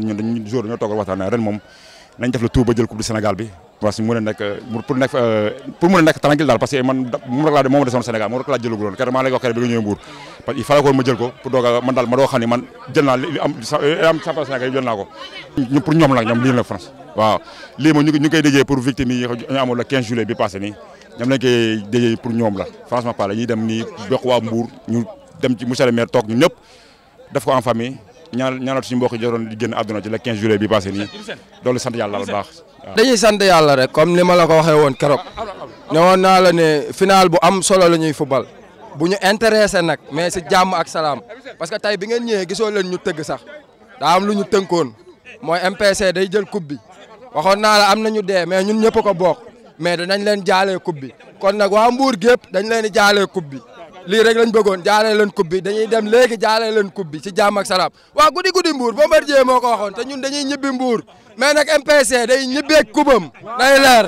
ñun dañuy jour dañoo toogal waxtaan ren moom nañ def le tout jël coupe du Sénégal bi parce mu ne nekk pour euh, nekk tranquille daal parce moom rek laa de moom desoon Sénégal maa lay wax keroog bi nga ñëwee Mbour parce que ma jël ko pour doog a man ma doo xam ne jël naa am am Sénégal yi jël naa ko ñu ñoom la ñoom lii la France waaw lii moom ñu ngi koy déjee victime yi la 15 juillet bi passé nii ñu dem ci monsieur toog ñu ñëpp def ko en famille ñaan ñaanal suñu mbokk yi joroon di génn àdduna bi passé nii loolu sant yàlla baax. dañuy sant yàlla rek comme ni ma la ko waxee woon keroog ah, ne woon naa bu am solo la ñuy football bu ñu intéressé nag mais si jàmm ak salaam parce que tey bi ngeen ñëwee gisoo leen ñu tëgg sax daa am lu ñu tënkoon mooy MPC day jël coupe bi waxoon naa la am na ñu mais ñun ñëpp ko bokk mais danañ leen jaalee coupe bi kon nag waa Mbour gépp dañ leen di jaalee coupe bi. lii rek lañ bëggoon jaaree leen coupe bi dañuy dem léegi jaaree leen coupe bi ci jàmm ak salaam waaw guddi guddi Mbour Bombardier moo ko waxoon te ñun dañuy ñibbi Mbour mais nag MPC day ñibbeeg kubam day leer.